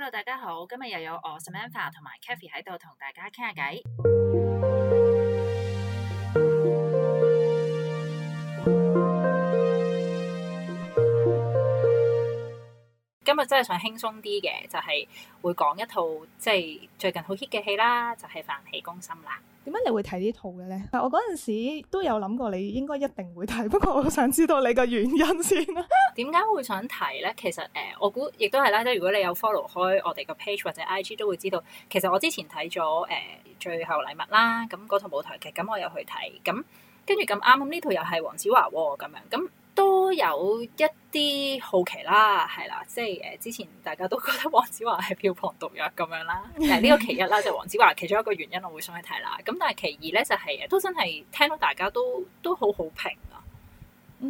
hello，大家好，今日又有我 Samantha 同埋 Kathy 喺度同大家傾下偈。今日真係想輕鬆啲嘅，就係、是、會講一套即係、就是、最近好 hit 嘅戲啦，就係《飯戲攻心》啦。點解你會睇呢套嘅咧？我嗰陣時都有諗過，你應該一定會睇，不過我想知道你個原因先啦。點解會想睇咧？其實誒、呃，我估亦都係啦。即係如果你有 follow 開我哋個 page 或者 IG，都會知道。其實我之前睇咗誒《最後禮物》啦，咁嗰套舞台劇，咁我又去睇，咁跟住咁啱，咁呢套又係黃子華咁樣咁。都有一啲好奇啦，係啦，即係誒，之前大家都覺得黃子華係票房毒藥咁樣啦，誒呢 個其一啦，就黃、是、子華其中一個原因我會想去睇啦。咁但係其二咧就係、是、誒，都真係聽到大家都都好好評啊，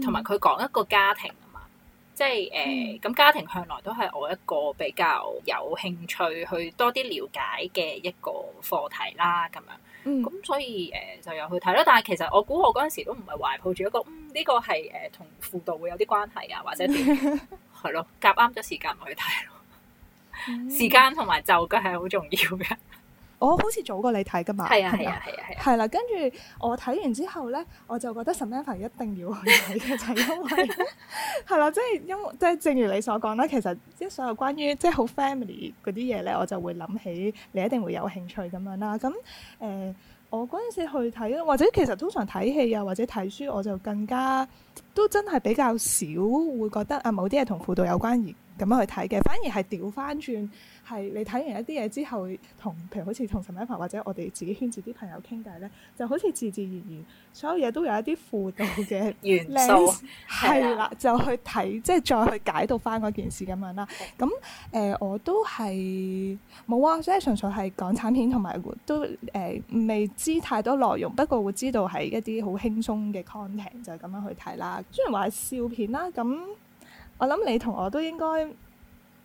同埋佢講一個家庭啊嘛，嗯、即係誒，咁、呃、家庭向來都係我一個比較有興趣去多啲了解嘅一個課題啦，咁樣。咁、嗯、所以誒、呃、就有去睇咯，但係其實我估我嗰陣時都唔係懷抱住一個，嗯呢、這個係誒同輔導會有啲關係啊，或者係咯， 夾啱咗時間去睇咯， 時間同埋就腳係好重要嘅。我、 oh, 好似早過你睇噶嘛，係 嗎啊係啊係啊係啦。跟住我睇完之後咧，我就覺得《Samantha》一定要去睇嘅，就係、因為係啦，即係因即係正如你所講啦，其實即係所有關於即係好 family 嗰啲嘢咧，我就會諗起你一定會有興趣咁樣啦。咁誒、呃，我嗰陣時去睇，或者其實通常睇戲又或者睇書，我就更加都真係比較少會覺得啊，某啲嘢同輔導有關而。咁樣去睇嘅，反而係調翻轉，係你睇完一啲嘢之後，同譬如好似同陳一凡或者我哋自己圈子啲朋友傾偈咧，就好似自自然然，所有嘢都有一啲輔導嘅原理。係啦，就去睇，即係再去解讀翻嗰件事咁樣啦。咁誒、呃，我都係冇啊，所以純粹係港產片，同埋都誒、呃、未知太多內容，不過會知道係一啲好輕鬆嘅 content，就咁樣去睇啦。雖然話係笑片啦，咁。我諗你同我都應該。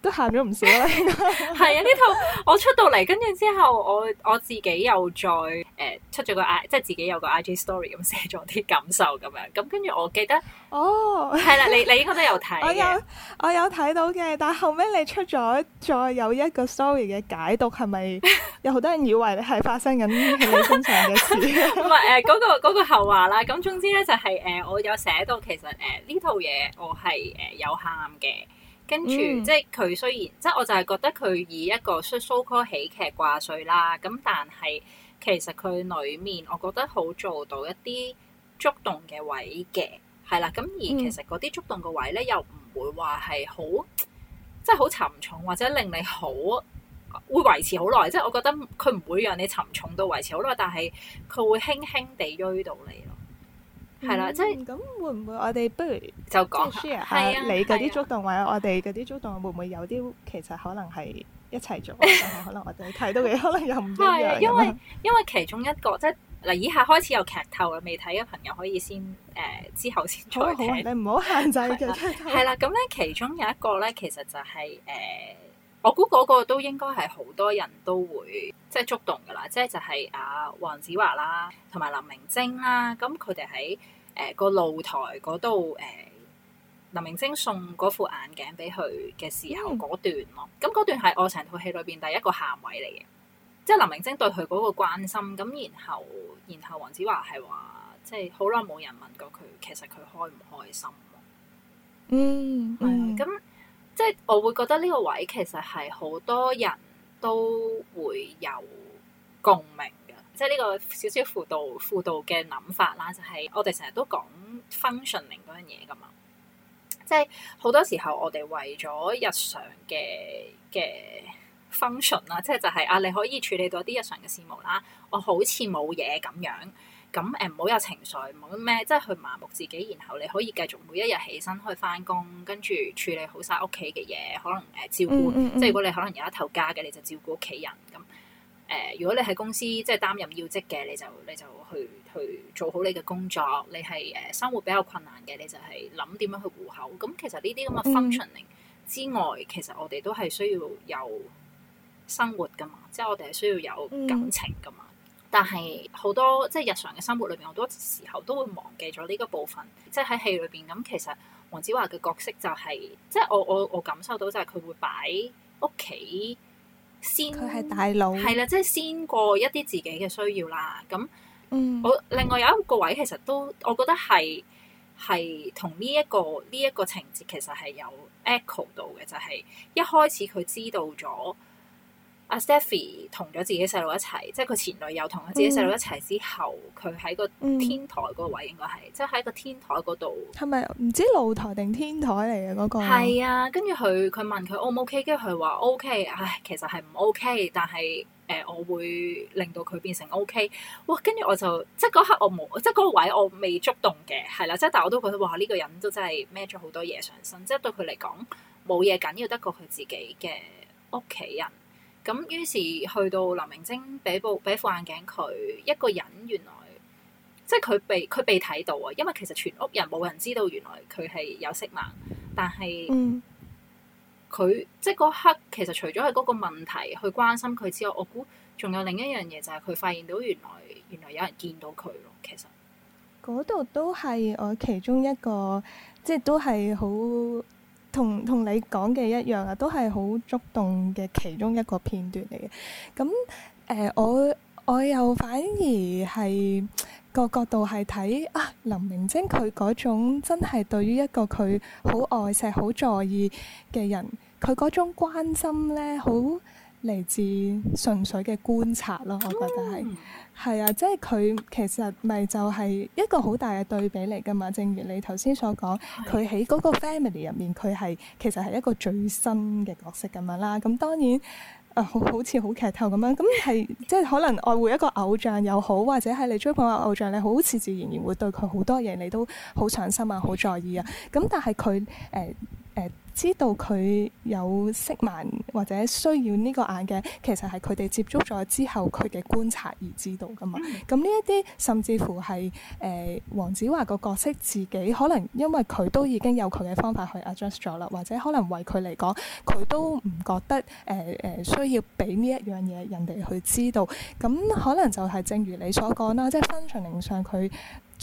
都喊咗唔少啦，係 啊！呢套我出到嚟，跟住之後我我自己又再誒、呃、出咗個 I，即係自己有個 IG story 咁寫咗啲感受咁樣。咁跟住我記得，哦，係啦，你你應該都有睇嘅。我有我有睇到嘅，但係後尾你出咗再有一個 story 嘅解讀，係咪有好多人以為你係發生緊喺你身上嘅事？唔係誒，嗰、呃那個嗰、那個後話啦。咁總之咧，就係、是、誒、呃，我有寫到其實誒呢、呃、套嘢，我係誒有喊嘅。跟住，即係佢雖然，即係我就係覺得佢以一個 so-called 喜劇掛帥啦，咁但係其實佢裏面，我覺得好做到一啲觸動嘅位嘅，係啦，咁而其實啲觸動嘅位咧，又唔會話係好，即係好沉重或者令你好會維持好耐，即係我覺得佢唔會讓你沉重到維持好耐，但係佢會輕輕地鋥到你。係啦，嗯、即係咁會唔會我哋不如就講下係啊你嗰啲觸動，或者、啊、我哋嗰啲觸動，會唔會有啲其實可能係一齊做 可能我哋睇到嘅可能又唔一樣。啊，因為樣因為其中一個即係嗱，以下開始有劇透嘅，未睇嘅朋友可以先誒、呃、之後先再睇。好好啦，你唔好限制啦。係啦、啊，咁咧、 啊啊嗯、其中有一個咧，其實就係、是、誒。呃我估嗰個都應該係好多人都會即係觸動噶、啊、啦，即係就係阿黃子華啦，同埋林明禎啦，咁佢哋喺誒個露台嗰度，誒、呃、林明禎送嗰副眼鏡俾佢嘅時候嗰、嗯、段咯，咁、那、嗰、個、段係我成套戲裏邊第一個喊位嚟嘅，即係林明禎對佢嗰個關心，咁然後然後黃子華係話，即係好耐冇人問過佢，其實佢開唔開心嗯？嗯，係咁。即係我會覺得呢個位其實係好多人都會有共鳴嘅，即係呢個少少輔導輔導嘅諗法啦，就係我哋成日都講 functioning 嗰樣嘢噶嘛即係好多時候我哋為咗日常嘅嘅 function 啦，即係就係啊你可以處理到啲日常嘅事務啦，我好似冇嘢咁樣。咁誒唔好有情緒，唔好咩即係去麻木自己，然後你可以繼續每一日起身去翻工，跟住處理好晒屋企嘅嘢，可能誒、呃、照顧。Mm hmm. 即係如果你可能有一頭家嘅，你就照顧屋企人。咁、呃、誒，如果你喺公司即係擔任要職嘅，你就你就去你就去做好你嘅工作。你係誒、呃、生活比較困難嘅，你就係諗點樣去糊口。咁、嗯、其實呢啲咁嘅 functioning 之外，其實我哋都係需要有生活噶嘛，即係我哋係需要有感情噶嘛。Mm hmm. 但係好多即係、就是、日常嘅生活裏邊，好多時候都會忘記咗呢個部分。即係喺戲裏邊咁，其實黃子華嘅角色就係、是，即、就、係、是、我我我感受到就係佢會擺屋企先，佢係大佬，係啦，即、就、係、是、先過一啲自己嘅需要啦。咁，嗯，我另外有一個位，其實都我覺得係係同呢一個呢一、呢個情節其實係有 echo 到嘅，就係、是、一開始佢知道咗。阿 Stephy 同咗自己細佬一齊，即係佢前女友同咗自己細佬一齊之後，佢喺個天台嗰位應該係，嗯、即係喺個天台嗰度。係咪唔知露台定天台嚟嘅嗰個係啊，跟住佢佢問佢 O 唔 O K，跟住佢話 O K，唉，其實係唔 O K，但係誒、呃，我會令到佢變成 O、okay、K。哇！跟住我就即係嗰刻我冇，即係嗰個位我未觸動嘅，係啦，即係但我都覺得哇，呢、這個人都真係孭咗好多嘢上身，即係對佢嚟講冇嘢緊要得過佢自己嘅屋企人。咁於是去到林明晶俾部俾副眼鏡佢一個人原來，即係佢被佢被睇到啊！因為其實全屋人冇人知道原來佢係有色盲，但係、嗯，佢即係嗰刻其實除咗係嗰個問題去關心佢之外，我估仲有另一樣嘢就係、是、佢發現到原來原來有人見到佢咯。其實嗰度都係我其中一個，即係都係好。同同你講嘅一樣啊，都係好觸動嘅其中一個片段嚟嘅。咁誒、呃，我我又反而係個角度係睇啊，林明禎佢嗰種真係對於一個佢好愛錫、好在意嘅人，佢嗰種關心咧，好嚟自純粹嘅觀察咯，我覺得係。嗯係啊，即係佢其實咪就係一個好大嘅對比嚟㗎嘛，正如你頭先所講，佢喺嗰個 family 入面，佢係其實係一個最新嘅角色咁樣啦。咁、嗯、當然啊、呃，好好似好劇透咁樣，咁係即係可能愛護一個偶像又好，或者係你追捧嘅偶像，你好似自然而然會對佢好多嘢你都好上心啊，好在意啊。咁、嗯、但係佢誒誒。呃呃知道佢有色盲或者需要呢個眼鏡，其實係佢哋接觸咗之後佢嘅觀察而知道噶嘛。咁呢一啲甚至乎係誒黃子華個角色自己，可能因為佢都已經有佢嘅方法去 adjust 咗啦，或者可能為佢嚟講，佢都唔覺得誒誒、呃呃、需要俾呢一樣嘢人哋去知道。咁可能就係正如你所講啦，即係 functioning 上佢。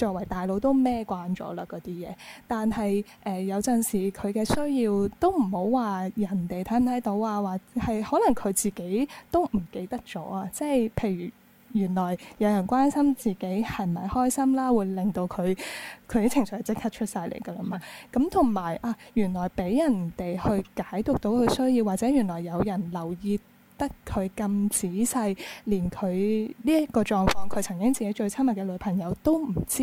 作為大佬都孭慣咗啦，嗰啲嘢。但係誒、呃，有陣時佢嘅需要都唔好話人哋睇唔睇到啊，或係可能佢自己都唔記得咗啊。即係譬如原來有人關心自己係咪開心啦，會令到佢佢啲情緒即刻出晒嚟㗎啦嘛。咁同埋啊，原來俾人哋去解讀到佢需要，或者原來有人留意。得佢咁仔細，連佢呢一個狀況，佢曾經自己最親密嘅女朋友都唔知，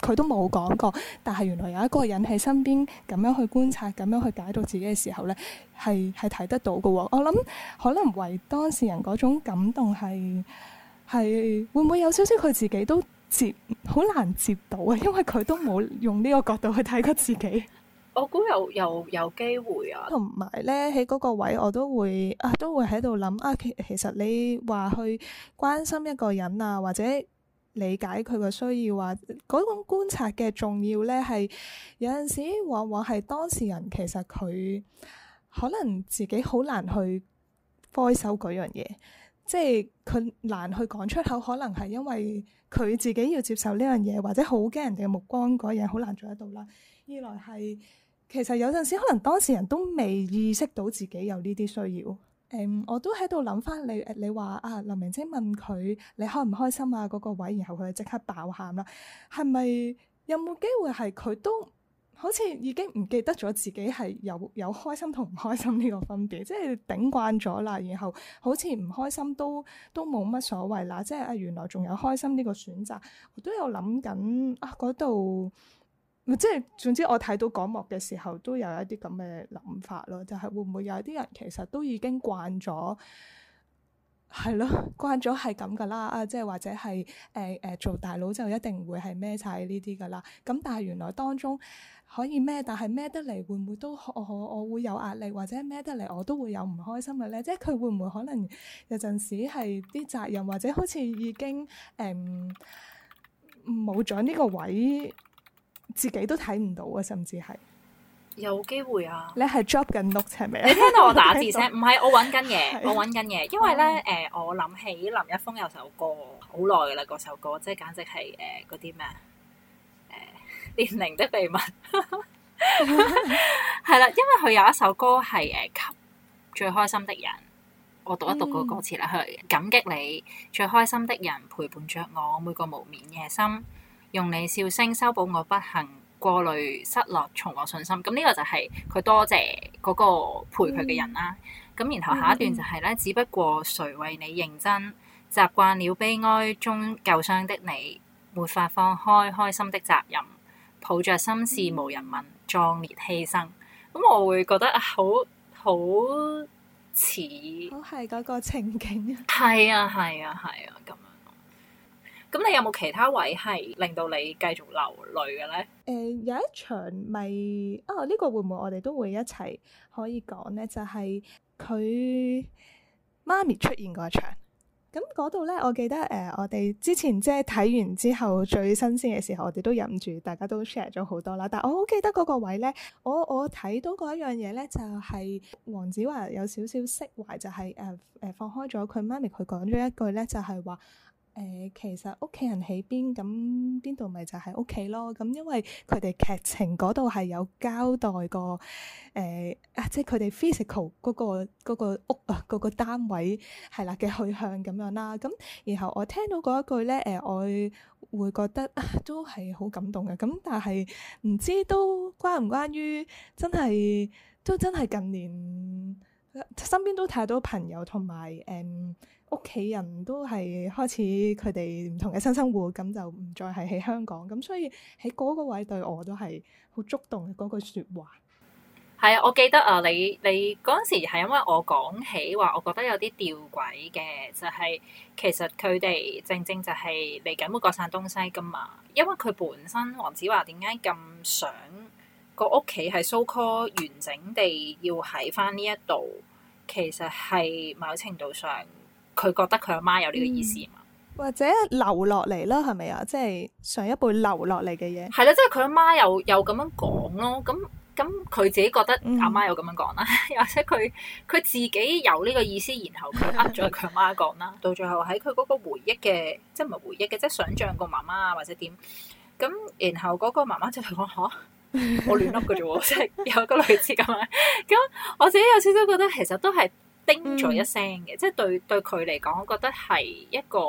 佢都冇講過，但係原來有一個人喺身邊，咁樣去觀察，咁樣去解讀自己嘅時候咧，係係睇得到嘅喎。我諗可能為當事人嗰種感動係係會唔會有少少佢自己都接好難接到啊，因為佢都冇用呢個角度去睇過自己。我估又又有機會啊，同埋咧喺嗰個位，我都會啊，都會喺度諗啊。其實你話去關心一個人啊，或者理解佢嘅需要啊，話嗰種觀察嘅重要咧，係有陣時往往係當事人其實，佢可能自己好難去開手嗰樣嘢，即係佢難去講出口，可能係因為佢自己要接受呢樣嘢，或者好驚人哋嘅目光嗰樣，好難做得到啦。二來係。其實有陣時，可能當事人都未意識到自己有呢啲需要。誒、嗯，我都喺度諗翻你，你話啊，林明禎問佢你開唔開心啊嗰、嗰個位，然後佢就即刻爆喊啦。係咪有冇機會係佢都好似已經唔記得咗自己係有有開心同唔開心呢個分別？即係頂慣咗啦，然後好似唔開心都都冇乜所謂啦。即係啊，原來仲有開心呢個選擇。我都有諗緊啊，嗰度。即係總之，我睇到講幕嘅時候，都有一啲咁嘅諗法咯。就係會唔會有啲人其實都已經慣咗，係咯，慣咗係咁噶啦。啊，即係或者係誒誒做大佬就一定會係孭晒呢啲噶啦。咁但係原來當中可以孭，但係孭得嚟會唔會都我我我會有壓力，或者孭得嚟我都會有唔開心嘅咧？即係佢會唔會可能有陣時係啲責任，或者好似已經誒冇咗呢個位？自己都睇唔到啊，甚至係有機會啊！你係 drop 緊 note 係咪？你聽到我打字聲？唔係我揾緊嘢，我揾緊嘢。因為咧，誒、嗯呃，我諗起林一峰有首歌好耐噶啦，嗰首歌即係簡直係誒嗰啲咩誒年齡的秘密係啦。因為佢有一首歌係誒給最開心的人。我讀一讀個歌詞啦，佢、嗯、感激你最開心的人陪伴着我，我每個無眠夜深。 用你笑聲修補我不幸過濾失落重獲信心，咁呢個就係佢多謝嗰個陪佢嘅人啦。咁、嗯、然後下一段就係、是、咧，嗯、只不過誰為你認真習慣了悲哀中舊傷的你，沒法放開開心的責任，抱着心事無人問，嗯、壯烈犧牲。咁我會覺得好好似係嗰個情景。係啊，係啊，係啊，咁、啊。咁你有冇其他位係令到你繼續流淚嘅咧？誒、呃、有一場咪、就是、哦呢、呢個會唔會我哋都會一齊可以講咧？就係、是、佢媽咪出現嗰場。咁嗰度咧，我記得誒、呃，我哋之前即係睇完之後最新鮮嘅時候，我哋都忍唔住，大家都 share 咗好多啦。但係我好記得嗰個位咧，我我睇到嗰一樣嘢咧，就係、是、黃子華有少少釋懷，就係誒誒放開咗佢媽咪，佢講咗一句咧，就係、是、話。誒、呃，其實屋企人喺邊，咁邊度咪就係屋企咯。咁因為佢哋劇情嗰度係有交代過誒、呃、啊，即係佢哋 physical 嗰、嗰個嗰個屋啊，嗰、嗰個單位係啦嘅去向咁樣啦。咁、嗯、然後我聽到嗰一句咧，誒、呃，我會覺得啊，都係好感動嘅。咁但係唔知都關唔關於真係都真係近年身邊都太多朋友同埋誒、屋企人都係開始佢哋唔同嘅新生活，咁就唔再係喺香港咁，所以喺嗰個位對我都係好觸動嗰句說話。係啊，我記得啊，你你嗰陣時係因為我講起話，我覺得有啲吊詭嘅，就係、是、其實佢哋正正就係嚟緊會各散東西㗎嘛。因為佢本身黃子華點解咁想個屋企係 so call 完整地要喺返呢一度，其實係某程度上。佢覺得佢阿媽，媽有呢個意思嘛？或者留落嚟啦，係咪啊？即係上一輩留落嚟嘅嘢。係、 就是、咯，即係佢阿媽又又咁樣講咯。咁咁佢自己覺得阿媽，媽又咁樣講啦，又或者佢佢自己有呢個意思，然後佢呃咗佢阿媽講啦。 到最後喺佢嗰個回憶嘅，即係唔係回憶嘅，即係想像個媽媽或者點。咁然後嗰個媽媽就同我嚇，我亂噏㗎啫喎，即係 有個類似咁。咁我自己有少少覺得，其實都係。叮咗一聲嘅，嗯、即係對對佢嚟講，我覺得係一個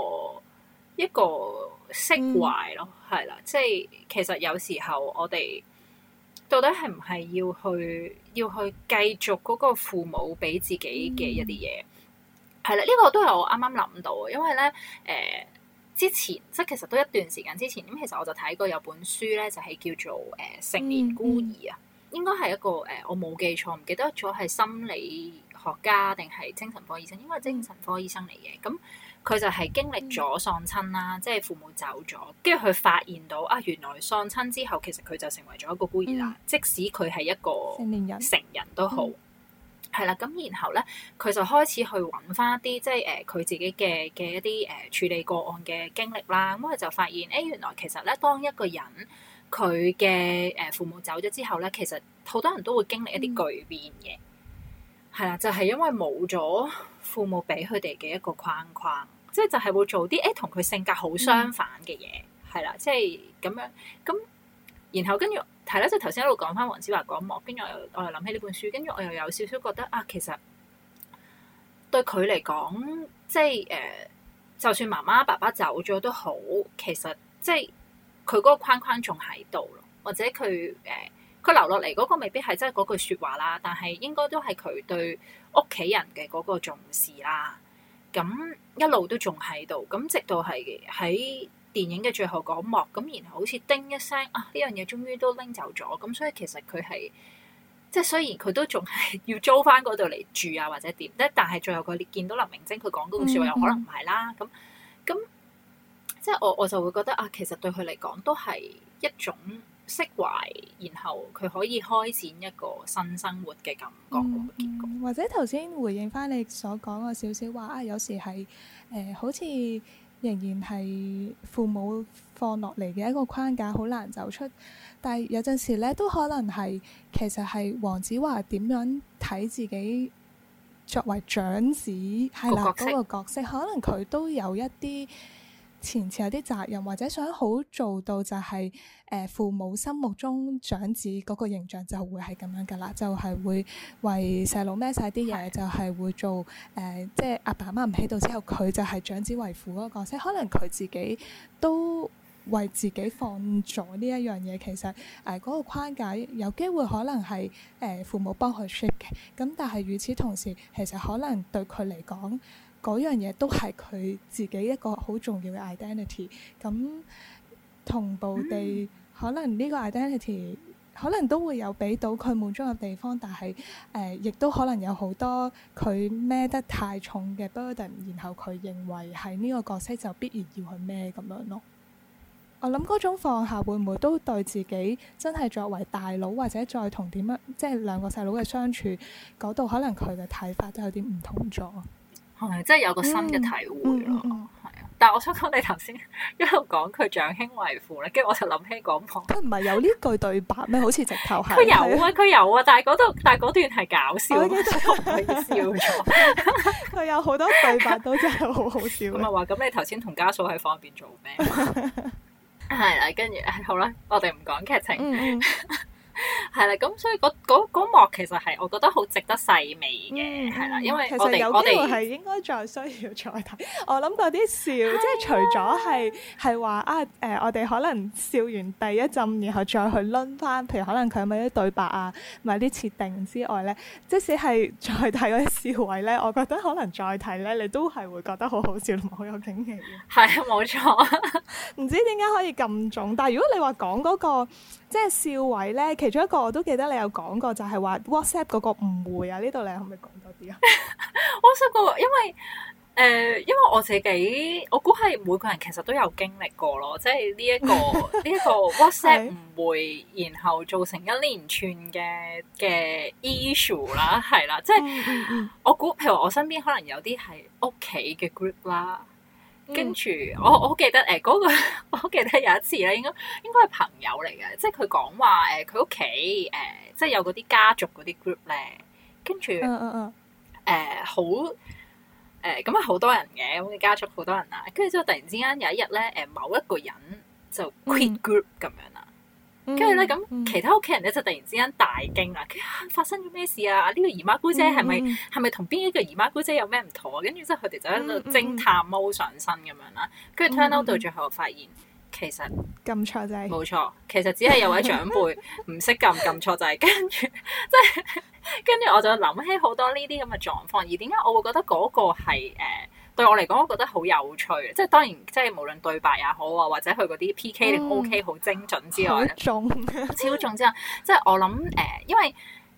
一個釋懷咯，係啦、嗯，即係其實有時候我哋到底係唔係要去要去繼續嗰個父母俾自己嘅一啲嘢？係啦、嗯，呢、這個都係我啱啱諗到嘅，因為咧，誒、呃、之前即係其實都一段時間之前，咁其實我就睇過有本書咧，就係、是、叫做誒、呃《成年孤兒》啊、嗯，嗯、應該係一個誒、呃、我冇記錯，唔記得咗係心理學家定係精神科醫生，應該係精神科醫生嚟嘅，咁佢就係經歷咗喪親啦，嗯、即係父母走咗，跟住佢發現到啊，原來喪親之後，其實佢就成為咗一個孤兒啦。嗯、即使佢係一個成人都好，係啦、嗯。咁然後咧，佢就開始去揾翻一啲即係誒佢自己嘅嘅一啲誒、呃、處理個案嘅經歷啦。咁、嗯、佢就發現，誒、欸、原來其實咧，當一個人佢嘅誒父母走咗之後咧，其實好多人都會經歷一啲巨變嘅。嗯係啦，就係、是、因為冇咗父母俾佢哋嘅一個框框，即係就係會做啲誒同佢性格好相反嘅嘢，係啦、嗯，即係咁樣咁。然後跟住係啦，即係頭先一路講翻黃子華講幕，跟住我又我又諗起呢本書，跟住我又有少少覺得啊，其實對佢嚟講，即係誒，uh, 就算媽媽爸爸走咗都好，其實即係佢嗰個框框仲喺度咯，或者佢誒。Uh, 佢留落嚟嗰個未必係真係嗰句説話啦，但係應該都係佢對屋企人嘅嗰個重視啦。咁一路都仲喺度，咁直到係喺電影嘅最後嗰幕，咁然後好似叮一聲啊，呢樣嘢終於都拎走咗。咁所以其實佢係即係雖然佢都仲係要租翻嗰度嚟住啊或者點，但係最後佢見到林明禎佢講嗰句説話，有可能唔係啦。咁咁、mm hmm. 即係我我就會覺得啊，其實對佢嚟講都係一種。釋懷，然後佢可以開展一個新生活嘅感覺、嗯嗯、或者頭先回應返你所講嘅少少話啊，有時係誒、呃，好似仍然係父母放落嚟嘅一個框架，好難走出。但係有陣時咧，都可能係其實係黃子華點樣睇自己作為長子係啦嗰、這個角色，可能佢都有一啲。前次有啲責任，或者想好做到就係、是、誒、呃、父母心目中長子嗰個形象就，就是、會係咁樣㗎啦，就係會為細佬孭晒啲嘢，就係會做誒、呃，即係阿爸阿媽唔喺度之後，佢就係長子為父嗰、那個角色，可能佢自己都為自己放咗呢一樣嘢。其實誒嗰、呃那個框架有機會可能係誒、呃、父母幫佢 shape 嘅，咁但係與此同時，其實可能對佢嚟講。嗰樣嘢都係佢自己一個好重要嘅 identity。咁同步地，可能呢個 identity 可能都會有俾到佢滿足嘅地方，但係、呃、亦都可能有好多佢孭得太重嘅 burden。然後佢認為係呢個角色就必然要去孭咁樣咯。我諗嗰種放下會唔會都對自己真係作為大佬或者再同點樣即係兩個細佬嘅相處嗰度，可能佢嘅睇法都有啲唔同咗。即係有個新嘅體會咯，係啊！但係我想講你頭先一路講佢長兄為父咧，跟住我就諗起廣播，佢唔係有呢句對白咩？ 好似直頭係佢有啊，佢的有啊！但係嗰度，但係嗰段係搞笑，我一睇就笑咗。佢有好多對白都真係好好笑。咁啊話咁，你頭先同家嫂喺房入邊做咩？係啦，跟住好啦，我哋唔講劇情。係啦，咁所以嗰嗰嗰幕其實係我覺得好值得細味嘅，係啦、嗯，因為其實有機會係應該再需要再睇。我諗嗰啲笑，即係除咗係係話啊，誒，我哋可能笑完第一陣，然後再去攆翻，譬如可能佢有冇啲對白啊，咪啲設定之外咧，即使係再睇嗰啲笑位咧，我覺得可能再睇咧，你都係會覺得好好笑同好有景氣嘅。係啊，冇錯。唔 知點解可以咁重？但係如果你話講嗰個。即係少偉咧，其中一個我都記得你有講過，就係話 WhatsApp 嗰個誤會啊，呢度你可唔可以講多啲啊？WhatsApp 個因為誒、呃，因為我自己，我估係每個人其實都有經歷過咯，即係呢一個呢一 個 WhatsApp 誤會， 然後造成一連串嘅嘅 issue 啦，係 啦，即係 我估，譬如我身邊可能有啲係屋企嘅 group 啦。跟住、嗯、我我記得誒嗰個、呃那個，我記得有一次咧，應該應該係朋友嚟嘅，即係佢講話誒佢屋企誒即係有嗰啲家族嗰啲 group 咧，跟住誒好誒咁啊好多人嘅，咁嘅家族好多人啊，跟住之後突然之間有一日咧誒某一個人就 quit group 咁樣啦。嗯跟住咧，咁其他屋企人咧就突然之間大驚啦、啊！發生咗咩事啊？呢、呢個姨媽姑姐係咪係咪同邊一個姨媽姑姐有咩唔妥啊？跟住之後佢哋就喺度偵探摸上身咁樣啦。跟住 turn out 到最後發現，其實撳錯掣，冇錯、嗯嗯嗯，其實只係有位長輩唔識撳撳錯掣。跟住即係跟住我就諗起好多呢啲咁嘅狀況。而點解我會覺得嗰個係誒對我嚟講，我覺得好有趣，即係當然，即係無論對白也好啊，或者佢嗰啲 PK、OK 好精準之外，中、嗯、超重之外， 即係我諗誒、呃，因為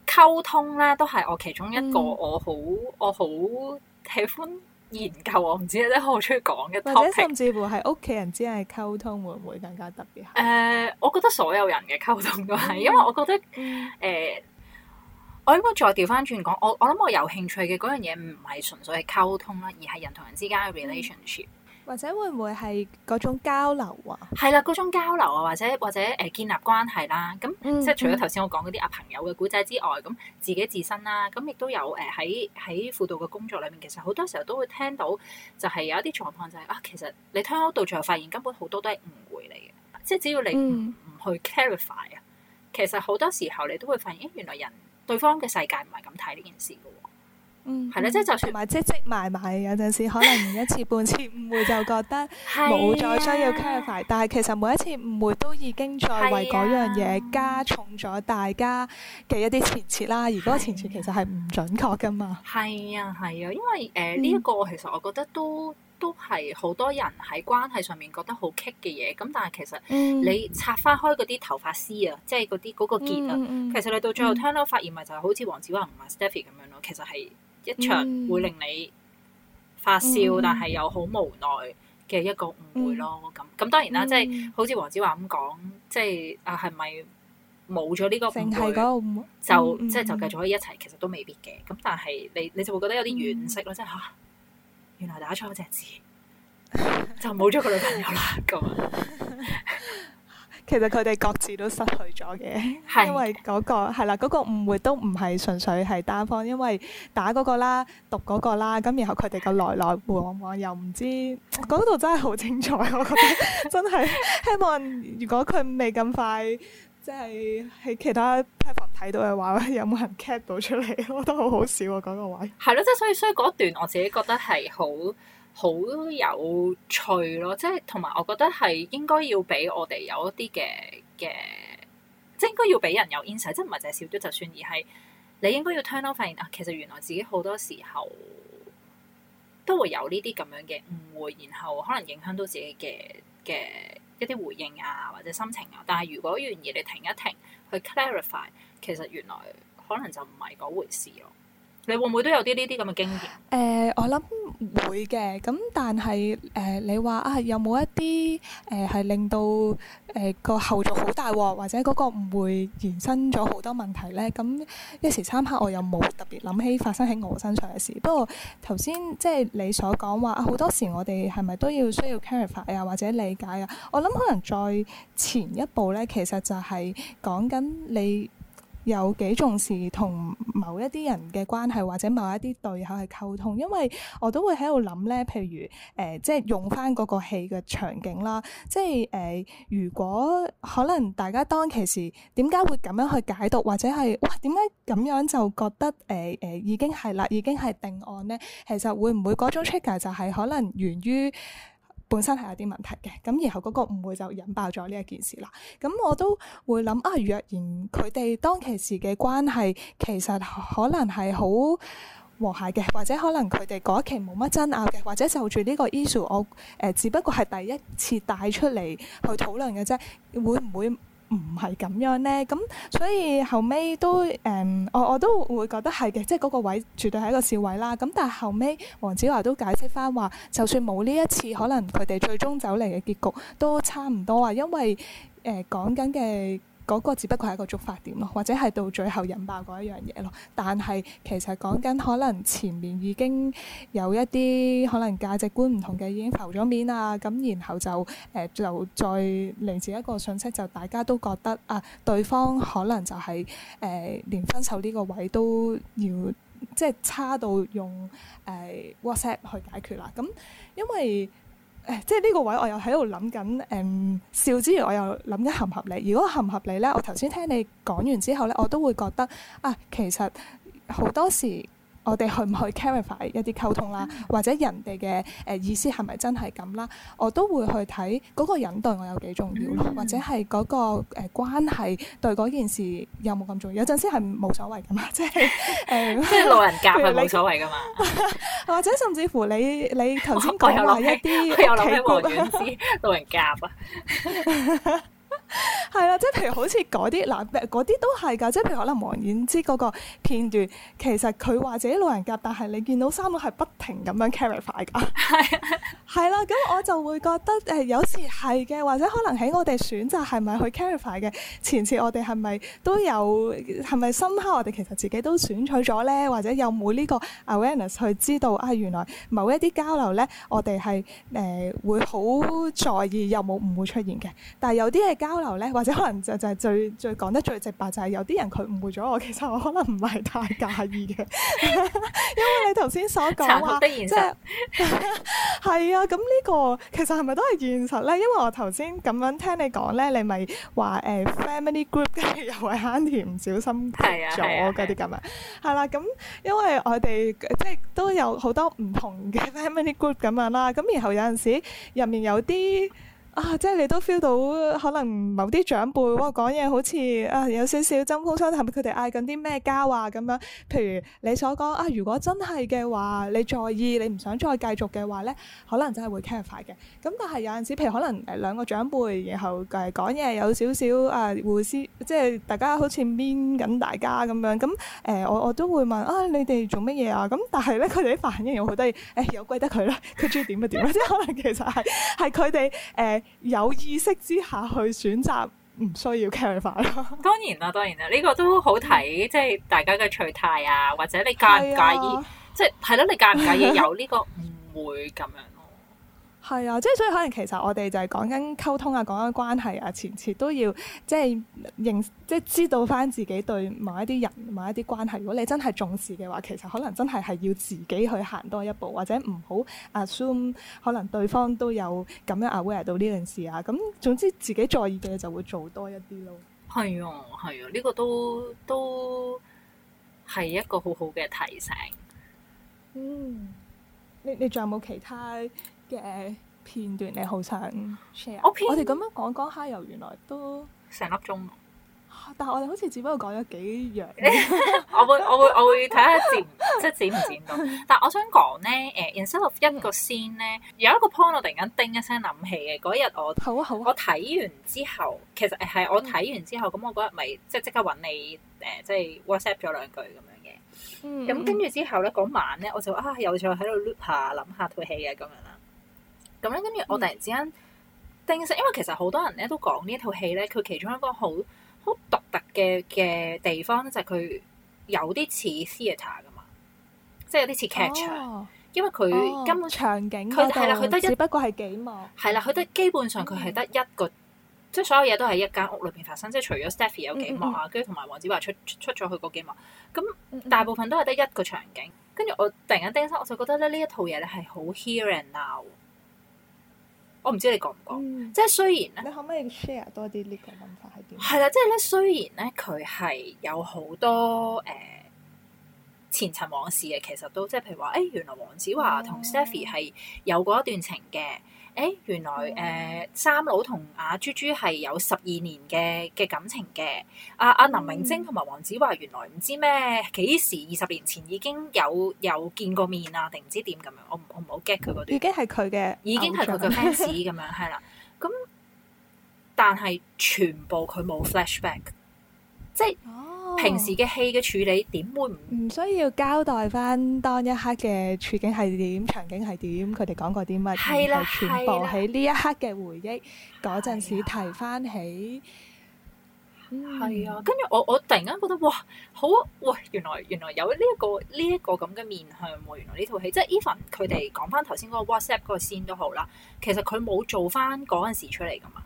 溝通咧都係我其中一個我好，、嗯、我，好我好喜歡研究，我唔知我好中意講嘅 topic 甚至乎係屋企人之間嘅溝通會唔會更加特別？誒、呃，我覺得所有人嘅溝通都係，嗯、因為我覺得誒。嗯呃我應該再調翻轉講，我我諗我有興趣嘅嗰樣嘢，唔係純粹係溝通啦，而係人同人之間嘅 relationship，或者會唔會係嗰種交流啊？係啦，嗰種交流啊，或者或者誒、呃、建立關係啦。咁即係除咗頭先我講嗰啲啊朋友嘅故仔之外，咁、嗯嗯、自己自身啦，咁亦都有誒喺喺輔導嘅工作裏面，其實好多時候都會聽到就係有一啲狀況、就是，就係啊，其實你聽到到，最後發現根本好多都係誤會嚟嘅，即係只要你唔、嗯、去 clarify 啊，其實好多時候你都會發現，咦、欸，原來人、人。對方嘅世界唔係咁睇呢件事嘅喎，嗯，係啦，就係、就即係就算同埋積積埋埋，有陣時，時可能一次半次誤會就覺得冇再需要 care、啊、但係其實每一次誤會都已經在為嗰樣嘢加重咗大家嘅一啲前設啦。啊、而嗰個前設其實係唔準確嘅嘛。係啊係啊，因為誒呢、呃呢個其實我覺得都。都係好多人喺關係上面覺得好棘嘅嘢，咁但係其實你拆翻開嗰啲頭髮絲啊，即係嗰啲嗰個結啊，嗯嗯、其實你到最後聽到發現，咪就係好似黃子華唔話 Stephy 咁樣咯。其實係一場會令你發笑，但係又好無奈嘅一個誤會咯。咁咁當然啦，即係好似黃子華咁講，即係啊，係咪冇咗呢個誤會就即係就繼續可以一齊？其實都未必嘅。咁但係你你就會覺得有啲惋惜咯，即係原來打錯隻字， 就冇咗個女朋友啦！咁 其實佢哋各自都失去咗嘅，的因為嗰、嗰個係啦，嗰、嗰個誤會都唔係純粹係單方，因為打嗰個啦，讀嗰個啦，咁然後佢哋個來來往往又唔知嗰度 真係好精彩，我覺得真係 希望如果佢未咁快。即係喺其他 platform 睇到嘅話有冇人 cap 到出嚟？我覺得好好笑啊嗰個位。係咯，即係所以所以嗰段，我自己覺得係好好有趣咯。即係同埋我覺得係應該要俾我哋有一啲嘅嘅，即係應該要俾人有 insight，即係唔係淨係笑咗就算，而係你應該要 turn 到發現啊，其實原來自己好多時候都會有呢啲咁樣嘅誤會，然後可能影響到自己嘅嘅。一啲回應啊，或者心情啊，但係如果願意，你停一停，去 clarify，其實原來可能就唔係嗰回事咯。你會唔會都有啲呢啲咁嘅經驗？誒、呃，我諗會嘅。咁但係誒、呃，你話啊，有冇一啲誒係令到誒、呃、個後續好大鑊，或者嗰個唔會延伸咗好多問題咧？咁一時三刻我又冇特別諗起發生喺我身上嘅事。不過頭先即係你所講話啊，好多時我哋係咪都要需要 care for 啊，或者理解啊？我諗可能再前一步咧，其實就係講緊你。有幾重視同某一啲人嘅關係，或者某一啲對口去溝通，因為我都會喺度諗咧。譬如誒、呃，即係用翻嗰個戲嘅場景啦，即係誒、呃，如果可能大家當其時點解會咁樣去解讀，或者係哇點解咁樣就覺得誒誒已經係啦，已經係定案咧？其實會唔會嗰種 trigger 就係可能源於本身係有啲問題嘅，咁然後嗰個誤會就引爆咗呢一件事啦。咁我都會諗啊，若然佢哋當其時嘅關係其實可能係好和諧嘅，或者可能佢哋嗰期冇乜爭拗嘅，或者就住呢個 issue，我誒、呃、只不過係第一次帶出嚟去討論嘅啫，會唔會？唔係咁樣咧，咁所以後尾都誒、嗯，我我都會覺得係嘅，即係嗰個位絕對係一個笑位啦。咁但係後尾黃子華都解釋翻話，就算冇呢一次，可能佢哋最終走嚟嘅結局都差唔多啊，因為誒、呃、講緊嘅。嗰個只不過係一個觸發點咯，或者係到最後引爆嗰一樣嘢咯。但係其實講緊可能前面已經有一啲可能價值觀唔同嘅已經浮咗面啊，咁然後就誒、呃、就再嚟自一個訊息，就大家都覺得啊、呃，對方可能就係、是、誒、呃、連分手呢個位都要即係差到用誒、呃、WhatsApp 去解決啦。咁、嗯、因為誒，即係呢個位，我又喺度諗緊，誒、嗯、笑之餘，我又諗緊合唔合理。如果合唔合理咧，我頭先聽你講完之後咧，我都會覺得啊，其實好多時，我哋去唔去 clarify 一啲溝通啦，或者人哋嘅誒意思係咪真係咁啦？我都會去睇嗰個人對我有幾重要咯，或者係嗰個誒關係對嗰件事有冇咁重要？有陣時係冇所謂㗎、呃、 嘛，即係誒。即係路人甲係冇所謂㗎嘛，或者甚至乎你你頭先講話一啲佢有諗起無緣之路人甲啊！ 係啦，即係譬如好似嗰啲嗱，嗰啲都係噶，即係譬如可能王菀之嗰個片段，其實佢話自己老人家，但係你見到三個係不停咁樣 clarify 翻噶，係啦， 咁我就會覺得誒、呃、有時係嘅，或者可能喺我哋選擇係咪去 clarify 嘅前次，我哋係咪都有係咪深刻？我哋其實自己都選取咗咧，或者有冇呢個 awareness 去知道啊？原來某一啲交流咧，我哋係誒會好在意，又冇唔會出現嘅，但係有啲嘅交流咧，或者可能就就係最最講得最直白，就係有啲人佢誤會咗我，其實我可能唔係太介意嘅， 因為你頭先所講話即係係啊，咁呢個其實係咪都係現實咧？因為我頭先咁樣聽你講咧，你咪話誒 family group 跟 住又係慳田唔小心跌咗嗰啲咁啊，係啦、啊，咁、啊、 因為我哋即係都有好多唔同嘅 family group 咁樣啦，咁然後有陣時入面有啲。啊，即係你都 feel 到可能某啲長輩喎，講嘢好似啊有少少針鋒相向，係咪佢哋嗌緊啲咩交啊咁樣。譬如你所講啊，如果真係嘅話，你在意，你唔想再繼續嘅話咧，可能真係會 care 嘅。咁但係有陣時，譬如可能誒兩個長輩，然後誒講嘢有少少啊互撕，即係大家好似 mean 緊大家咁樣。咁誒我我都會問啊你哋做乜嘢啊？咁但係咧佢哋啲反應又好得意，誒有鬼得佢咧，佢中意點就點啦。即係可能其實係係佢哋誒。有意識之下去選擇唔需要劇化咯。當然啦，當然啦，呢個都好睇，即係大家嘅取態啊，或者你介唔介意？是啊、即係係咯，你介唔介意有呢個誤會咁樣？ 係啊，即係所以可能其實我哋就係講緊溝通啊，講緊關係啊，前次都要即係認即係知道返自己對某一啲人、某一啲關係，如果你真係重視嘅話，其實可能真係係要自己去行多一步，或者唔好 assume 可能對方都有咁樣 aware 到呢件事啊。咁、嗯、總之自己在意嘅就會做多一啲咯。係啊，係啊，呢、這個都都係一個好好嘅提醒。嗯，你你仲有冇其他？嘅片段你好想 share？我哋緣咁樣講講下又原來都成粒鐘，但係我哋好似只不過講咗幾樣 我。我會我會我會睇下剪，即係剪唔剪到。 但係我想講咧，誒 insert of 一個先咧、呃，有一個 point 我突然間叮一聲諗起嘅，嗰日，我好啊好啊。我睇完之後其實係我睇完之後咁我嗰日咪即係即刻揾你誒即係 WhatsApp 咗兩句咁樣嘅。嗯。咁跟住之後咧，嗰、那個、晚咧，我就啊又再喺度 look 下諗下套戲啊咁樣。啦。咁咧，跟住我突然之間定識，因為其實好多人咧都講呢一套戲咧。佢其中一個好好獨特嘅嘅地方咧，就係、是、佢有啲似 theater 噶嘛，即係有啲似劇場，因為佢根本、哦、場景佢係啦，佢得一，不過係幾幕係啦，佢得基本上佢係得一個，即係、嗯、所有嘢都係一間屋裏邊發生。即係除咗 Stephy 有幾幕啊，跟住同埋黃子華出出咗佢嗰幾幕，咁大部分都係得一個場景。跟住、嗯、我突然間定識，我就覺得咧呢一套嘢咧係好 here and now。我唔知你講唔講，嗯、即係雖然咧，你可唔可以 share 多啲呢個諗法係點？係啦，即係咧，雖然咧，佢係有好多誒、呃、前塵往事嘅，其實都即係譬如話，誒、哎、原來黃子華同 Stephy 係有過一段情嘅。嗯嗯誒、欸、原來誒、呃、三佬同阿豬豬係有十二年嘅嘅感情嘅，阿、啊、阿、啊、林明禎同埋黃子華原來唔知咩幾時二十年前已經有有見過面啊，定唔知點咁樣，樣？我我唔好 get 佢嗰段。已經係佢嘅，已經係佢嘅 fans 咁樣係啦。咁但係全部佢冇 flashback，即係。哦平時嘅戲嘅處理點會唔？唔需要交代翻當一刻嘅處境係點，場景係點，佢哋講過啲乜，的然後全部喺呢一刻嘅回憶嗰陣的時提翻起。係啊的，跟住、嗯、我我突然間覺得哇，好喂，原來原來有呢、這、一個呢一、這個咁嘅面向喎、啊。原來呢套戲、嗯、即係 even 佢哋講翻頭先嗰個 WhatsApp 嗰個 scene 都好啦，其實佢冇做翻嗰陣時出嚟噶嘛。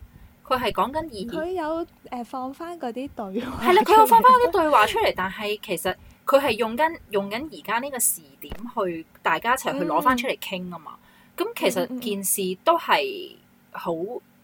佢係講緊以前，佢有誒、呃、放翻嗰啲對，係啦，佢有放翻啲對話出嚟，出 但係其實佢係用緊用緊而家呢個時點去大家一齊去攞翻出嚟傾啊嘛，咁其實件事都係好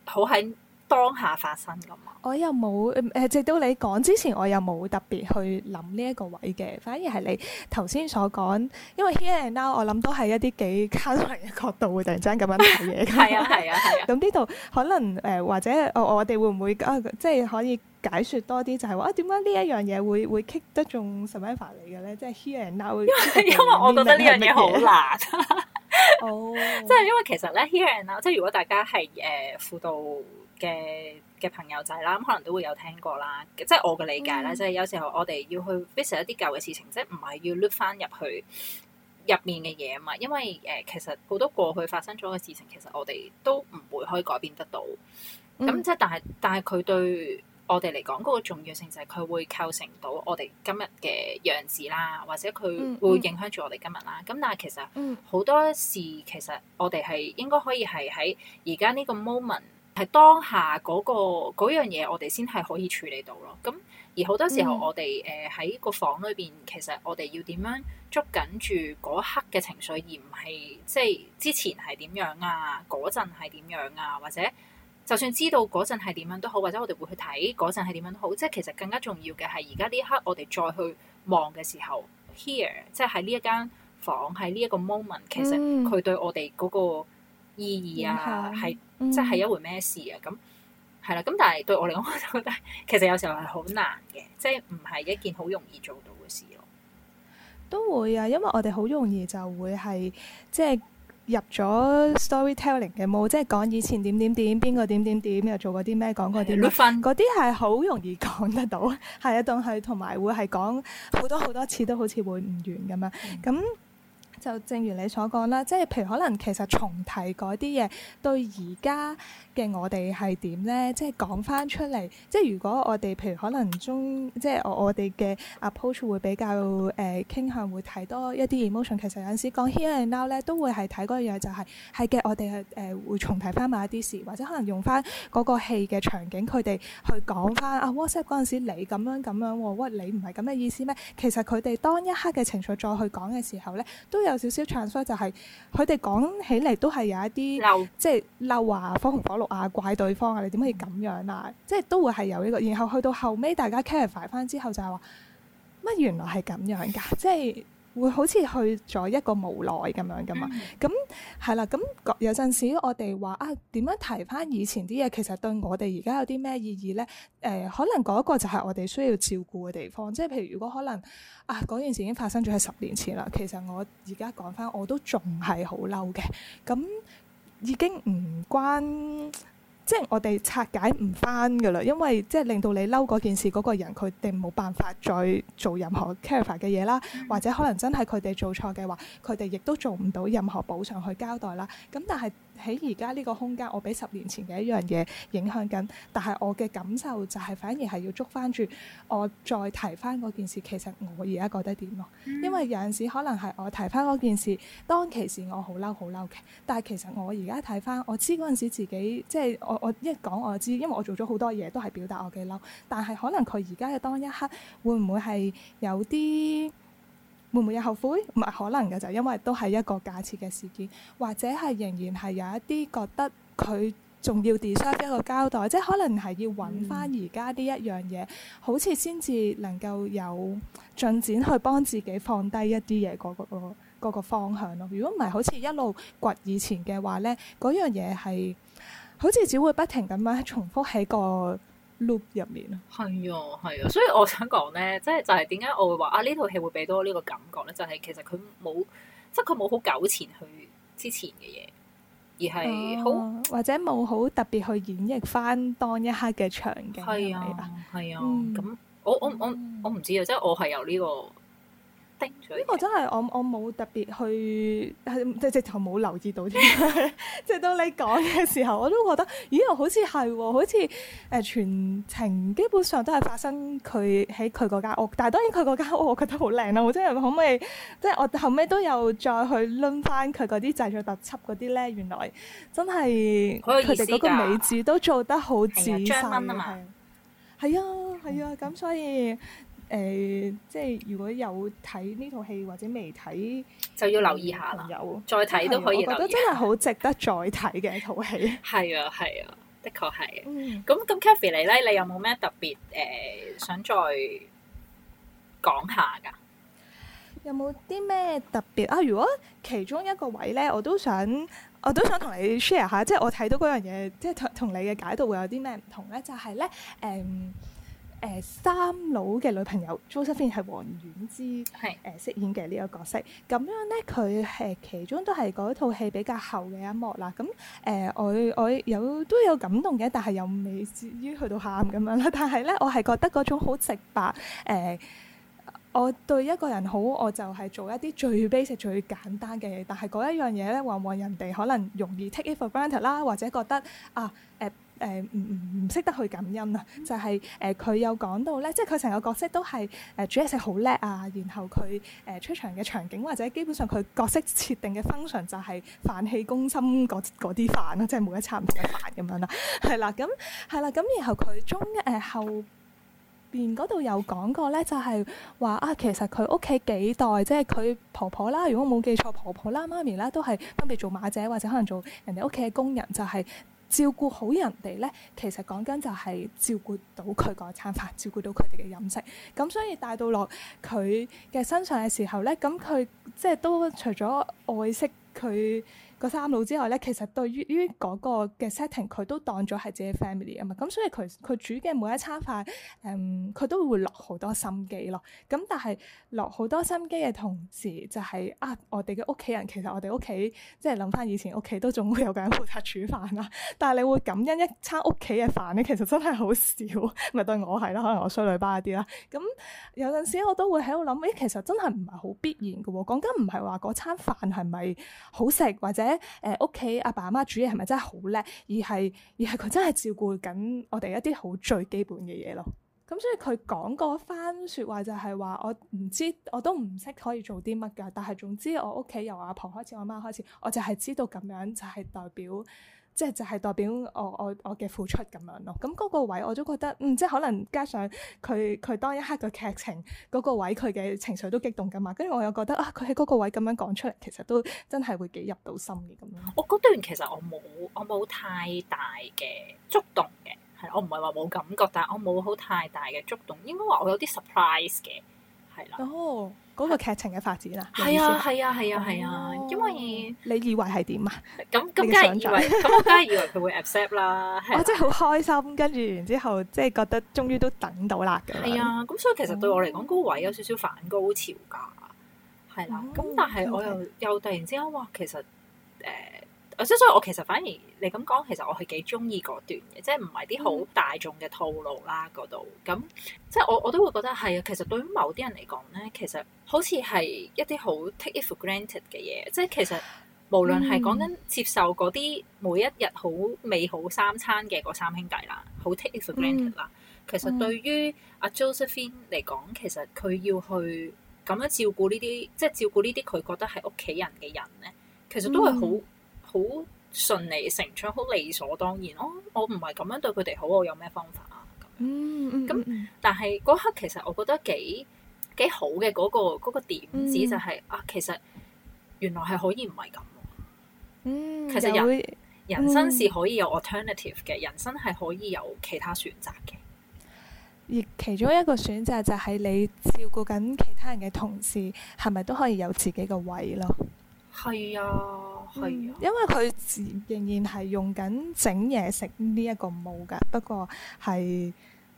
好喺。當下發生咁啊！我又冇誒，直到你講之前，我又冇特別去諗呢一個位嘅，反而係你頭先所講，因為 here and now，我諗都係一啲幾抽象嘅角度，會突然之間咁樣睇嘢。係啊，係啊，係啊！咁呢度可能誒，或者我哋會唔會即係可以解説多啲？就係話點解呢一樣嘢會會 kick 得中 s i m i l 嚟嘅咧？即係 here and now 因為我覺得呢樣嘢好難。哦，即係因為其實咧，here and now，即係如果大家係誒輔導。嘅嘅朋友仔啦，可能都會有聽過啦。即係我嘅理解咧，即係、嗯、有時候我哋要去 visit 一啲舊嘅事情，即係唔係要 look 翻入去入面嘅嘢啊嘛。因為誒、呃，其實好多過去發生咗嘅事情，其實我哋都唔會可以改變得到。咁即係，但係但係佢對我哋嚟講嗰個重要性就係佢會構成到我哋今日嘅樣子啦，或者佢會影響住我哋今日啦。咁、嗯嗯、但係其實好、嗯、多事其實我哋係應該可以係喺而家呢個 moment。係當下嗰個嗰樣嘢，我哋先係可以處理到咯。咁而好多時候我，我哋誒喺個房裏邊，其實我哋要點樣捉緊住嗰刻嘅情緒，而唔係即係之前係點樣啊？嗰陣係點樣啊？或者就算知道嗰陣係點樣都好，或者我哋會去睇嗰陣係點樣都好。即係其實更加重要嘅係而家呢一刻，我哋再去望嘅時候，Here 即係喺呢一間房喺呢一個 moment，其實佢對我哋嗰個。嗯意義啊，係、嗯、是是即係一回咩事啊？咁係啦，咁但係對我嚟講，我就覺得其實有時候係好難嘅，即係唔係一件好容易做到嘅事咯。都會啊，因為我哋好容易就會係即係入咗 storytelling 嘅模，即係講以前點點點，邊個點點點又做過啲咩，講過啲乜分嗰啲係好容易講得到，係啊，當係同埋會係講好多好多次都好似會唔完咁啊咁。嗯就正如你所講啦，即係譬如可能其實重提嗰啲嘢，對而家嘅我哋係點咧？即係講翻出嚟，即係如果我哋譬如可能中，即係我我哋嘅 approach 會比較誒呃、傾向會睇多一啲 emotion。其實有陣時講 here and now 咧，都會係睇嗰樣嘢就係係嘅。我哋係誒會重提翻某一啲事，或者可能用翻嗰個戲嘅場景，佢哋去講翻啊 WhatsApp 嗰陣時你咁樣咁樣喎，what、哦、你唔係咁嘅意思咩？其實佢哋當一刻嘅情緒再去講嘅時候咧，都有。有少少唱衰就係，佢哋講起嚟都係有一啲，流即係嬲啊，火紅火綠啊，怪對方啊，你點可以咁樣啊？即係都會係有呢個，然後去到後尾大家 clarify 翻之後就係、是、話，乜原來係咁樣噶，即係。會好似去咗一個無奈咁樣噶嘛？咁係啦，咁有陣時我哋話啊，點樣提翻以前啲嘢？其實對我哋而家有啲咩意義咧？誒、呃，可能嗰個就係我哋需要照顧嘅地方。即係譬如，如果可能啊，嗰件事已經發生咗喺十年前啦，其實我而家講翻我都仲係好嬲嘅。咁、嗯、已經唔關。即係我哋拆解唔翻㗎啦，因為即係令到你嬲嗰件事嗰個人，佢哋冇辦法再做任何 careful 嘅嘢啦，或者可能真係佢哋做錯嘅話，佢哋亦都做唔到任何補償去交代啦。咁但係。喺而家呢個空間，我俾十年前嘅一樣嘢影響緊，但係我嘅感受就係反而係要捉翻住我再提翻嗰件事。其實我而家覺得點咯？因為有陣時可能係我提翻嗰件事，當其時我好嬲好嬲嘅，但係其實我而家睇翻，我知嗰陣時自己即係、就是、我我一講我就知，因為我做咗好多嘢都係表達我嘅嬲。但係可能佢而家嘅當一刻會會，會唔會係有啲？會唔會有後悔？唔係可能嘅，就因為都係一個假設嘅事件，或者係仍然係有一啲覺得佢仲要 describe 一個交代，即係可能係要揾翻而家呢一樣嘢，嗯、好似先至能夠有進展去幫自己放低一啲嘢、嗰個，嗰、嗰個個方向咯。如果唔係，好似一路掘以前嘅話咧，嗰樣嘢係好似只會不停咁樣重複喺個 loop 入面啊，係啊係啊，所以我想講咧，即係就係點解我會話啊呢套戲會俾到我呢個感覺咧？就係、是、其實佢冇，即係佢冇好糾纏去之前嘅嘢，而係好、哦、或者冇好特別去演繹返當一刻嘅場景。係啊係啊，咁我我我我唔知啊，即係我係、就是、由呢、這個。呢個真係我我冇特別去即直頭冇留意到添，即 係到你講嘅時候，我都覺得咦？好似係，好似誒、呃、全程基本上都係發生佢喺佢嗰間屋，但係當然佢嗰間屋我覺得好靚啦，真係可唔可以？即係我後尾都有再去拎翻佢嗰啲製作特輯嗰啲咧，原來真係佢哋嗰個美字都做得好仔細啊，係啊係啊，咁所以。誒、呃，即係如果有睇呢套戲或者未睇，就要留意下啦。有友再睇都可以留意。我覺得真係好值得再睇嘅一套戲。係 啊，係啊，的確係。咁咁，Kathy 嚟咧，你有冇咩特別誒、呃、想再講下噶？有冇啲咩特別啊？如果其中一個位咧，我都想，我都想同你 share 下，即係我睇到嗰樣嘢，即係同你嘅解讀會有啲咩唔同咧？就係咧，誒、嗯。誒三佬嘅女朋友，Josephine 係黃菀之誒、呃、飾演嘅呢個角色，咁樣咧佢係其中都係嗰套戲比較後嘅一幕啦。咁、嗯、誒、呃、我我有都有感動嘅，但係又未至於去到喊咁樣啦。但係咧，我係覺得嗰種好直白誒、呃，我對一個人好，我就係做一啲最 basic 最簡單嘅嘢。但係嗰一樣嘢咧，往往人哋可能容易 take it for granted 啦，或者覺得啊誒。呃誒唔唔唔識得去感恩啊！就係誒佢有講到咧，即係佢成個角色都係誒、呃、煮嘢食好叻啊！然後佢誒、呃、出場嘅場景或者基本上佢角色設定嘅 function 就係飯戲攻心嗰啲飯咯，即、就、係、是、每一餐唔止飯咁樣啦，係、嗯、啦，咁係啦，咁、嗯嗯嗯、然後佢中誒、呃、後邊嗰度有講過咧，就係、是、話啊，其實佢屋企幾代，即係佢婆婆啦，如果冇記錯，婆婆啦、媽咪啦，都係分別做馬姐或者可能做人哋屋企嘅工人，就係、是。照顧好人哋咧，其實講緊就係照顧到佢嗰餐飯，照顧到佢哋嘅飲食。咁所以帶到落佢嘅身上嘅時候咧，咁佢即係都除咗愛惜佢。個三老之外咧，其實對於嗰個嘅 setting，佢都當咗係自己 family 啊嘛，咁所以佢佢煮嘅每一餐飯，誒、嗯，佢都會落好多心機咯。咁但係落好多心機嘅同時、就是，就係啊，我哋嘅屋企人，其實我哋屋企，即係諗翻以前屋企都仲會有個人負責煮飯啦。但係你會感恩一餐屋企嘅飯咧，其實真係好少。咪對我係啦，可能我衰女巴啲啦。咁有陣時我都會喺度諗，咦，其實真係唔係好必然嘅喎。講緊唔係話嗰餐飯係咪好食或者？誒，屋企阿爸阿媽煮嘢係咪真係好叻？而係，而係佢真係照顧緊我哋一啲好最基本嘅嘢咯。咁所以佢講過一番說話就係話，我唔知，我都唔識可以做啲乜㗎。但係總之我屋企由阿婆開始，我阿媽開始，我就係知道咁樣就係代表。即係就係代表我我我嘅付出咁樣咯，咁嗰個位我都覺得，嗯，即係可能加上佢佢當一刻嘅劇情嗰、嗰個位佢嘅情緒都激動噶嘛，跟住我又覺得啊，佢喺嗰個位咁樣講出嚟，其實都真係會幾入到心嘅咁樣。我嗰、哦、段其實我冇我冇太大嘅觸動嘅，係我唔係話冇感覺，但係我冇好太大嘅觸動，應該話我有啲 surprise 嘅。係啦，哦，嗰個劇情嘅發展啊，係啊，係啊，係啊，係啊，因為你以為係點啊？咁咁，梗係以為佢會 accept 啦。我真係好開心，跟住然之後，即係覺得終於都等到啦。係啊，咁所以其實對我嚟講，嗰個位有少少反高潮㗎，係啦。咁但係我又又突然之間話，其實。所以，我其實反而你咁講，其實我係幾中意嗰段嘅，即係唔係啲好大眾嘅套路啦嗰度。咁即係我我都會覺得係啊。其實對於某啲人嚟講咧，其實好似係一啲好 take it for granted 嘅嘢。即係其實無論係講緊接受嗰啲每一日好美好三餐嘅嗰三兄弟啦，好 take it for granted 啦。嗯嗯、其實對於阿 Josephine 嚟講，其實佢要去咁樣照顧呢啲，即係照顧呢啲佢覺得係屋企人嘅人咧，其實都係好。嗯好順利成長，好理所當然咯、哦。我唔係咁樣對佢哋好，我有咩方法啊？咁、嗯嗯、但係嗰刻其實我覺得幾幾好嘅嗰、那個嗰、那個、點子就係、是嗯、啊，其實原來係可以唔係咁。嗯、其實人、嗯、人生是可以有 alternative 嘅，人生係可以有其他選擇嘅。而其中一個選擇就係你照顧緊其他人嘅同時，係咪都可以有自己嘅位咯？係啊。嗯，啊、因為佢仍然係用緊整嘢食呢一個冇噶，不過係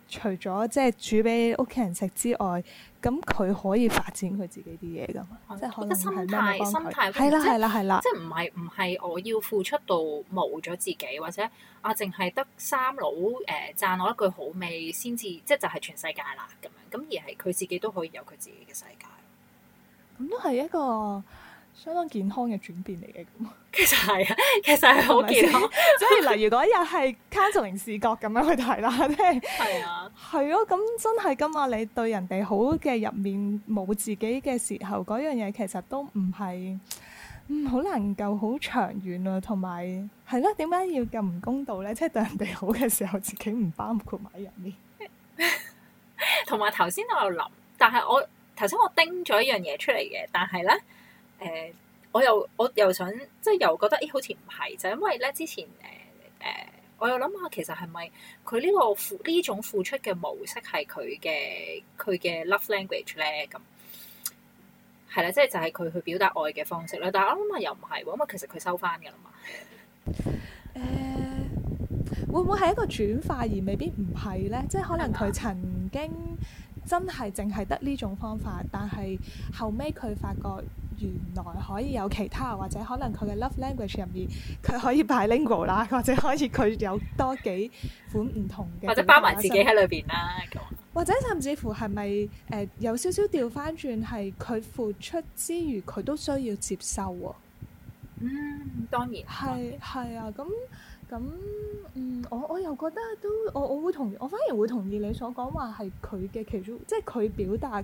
除咗即係煮俾屋企人食之外，咁佢可以發展佢自己啲嘢噶嘛？嗯、即係可能係乜心態幫佢？係啦係啦係啦，即係唔係唔係我要付出到冇咗自己，或者啊，淨係得三佬誒讚我一句好味先至，即係就係全世界啦咁樣。咁而係佢自己都可以有佢自己嘅世界。咁都係一個。相當健康嘅轉變嚟嘅，咁其實係啊，其實係好健康。 所以，例如嗰日係 counseling 視覺咁樣去睇啦，即係係啊，係咯，咁真係今日你對人哋好嘅入面冇自己嘅時候，嗰樣嘢其實都唔係唔好能夠好長遠啊。同埋係咯，點解要咁唔公道咧？即係對人哋好嘅時候，自己唔包括埋入面。同埋頭先我又諗，但係我頭先我叮咗一樣嘢出嚟嘅，但係咧。誒，uh, 我又我又想，即係又覺得，誒，好似唔係就因為咧之前誒誒，uh, uh, 我又諗下其實係咪佢呢個付呢種付出嘅模式係佢嘅佢嘅 love language 咧？咁係啦，即係就係佢去表達愛嘅方式啦。但係我諗下又唔係喎，因為其實佢收翻㗎啦嘛。誒，uh, 會唔會係一個轉化而未必唔係咧？即係可能佢曾經真係淨係得呢種方法，但係後尾佢發覺。原來可以有其他，或者可能佢嘅 love language 入面，佢可以擺 lingual 啦， 或者可以佢有多幾款唔同嘅，或者包埋自己喺裏邊啦咁。或者甚至乎係咪誒有少少調翻轉，係佢付出之餘，佢都需要接受啊？嗯，當然係係啊，咁咁嗯，我我又覺得都我我會同意，我反而會同意你所講話係佢嘅其中，即係佢表達。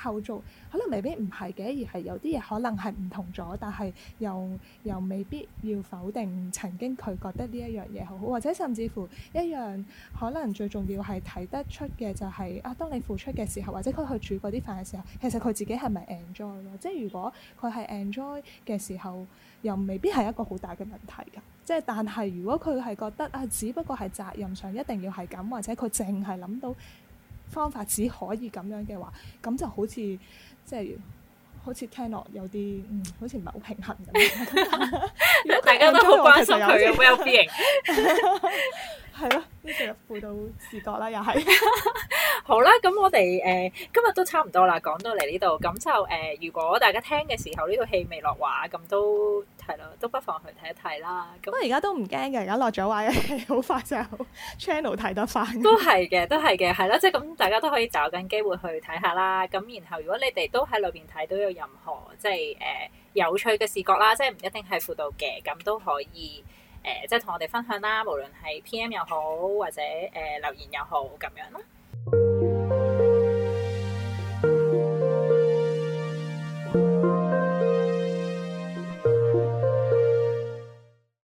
後做，可能未必唔係嘅，而係有啲嘢可能係唔同咗，但係又又未必要否定曾經佢覺得呢一樣嘢好好，或者甚至乎一樣可能最重要係睇得出嘅就係啊，當你付出嘅時候，或者佢去煮嗰啲飯嘅時候，其實佢自己係咪 enjoy 咯？即係如果佢係 enjoy 嘅時候，又未必係一個好大嘅問題㗎。即係但係如果佢係覺得啊，只不過係責任上一定要係咁，或者佢淨係諗到。方法只可以咁樣嘅話，咁就好似即係好似聽落有啲，嗯，好似唔係好平衡咁。 如果大家都好關心佢嘅 well-being，係咯、well，一直輔到視覺啦，又係。好啦，咁我哋誒、呃、今日都差唔多啦，講到嚟呢度咁就誒、呃。如果大家聽嘅時候呢套、這個、戲未落畫，咁都係咯，都不妨去睇一睇啦。咁我而家都唔驚嘅，而家落咗畫嘅戲好快就 channel 睇得返。都係嘅，都係嘅，係咯，即係咁大家都可以找緊機會去睇下啦。咁然後如果你哋都喺裏邊睇到有任何即係誒有趣嘅視覺啦，即係唔一定係輔導嘅，咁都可以誒、呃，即係同我哋分享啦。無論係 P.M. 又好或者誒、呃、留言又好，咁樣咯。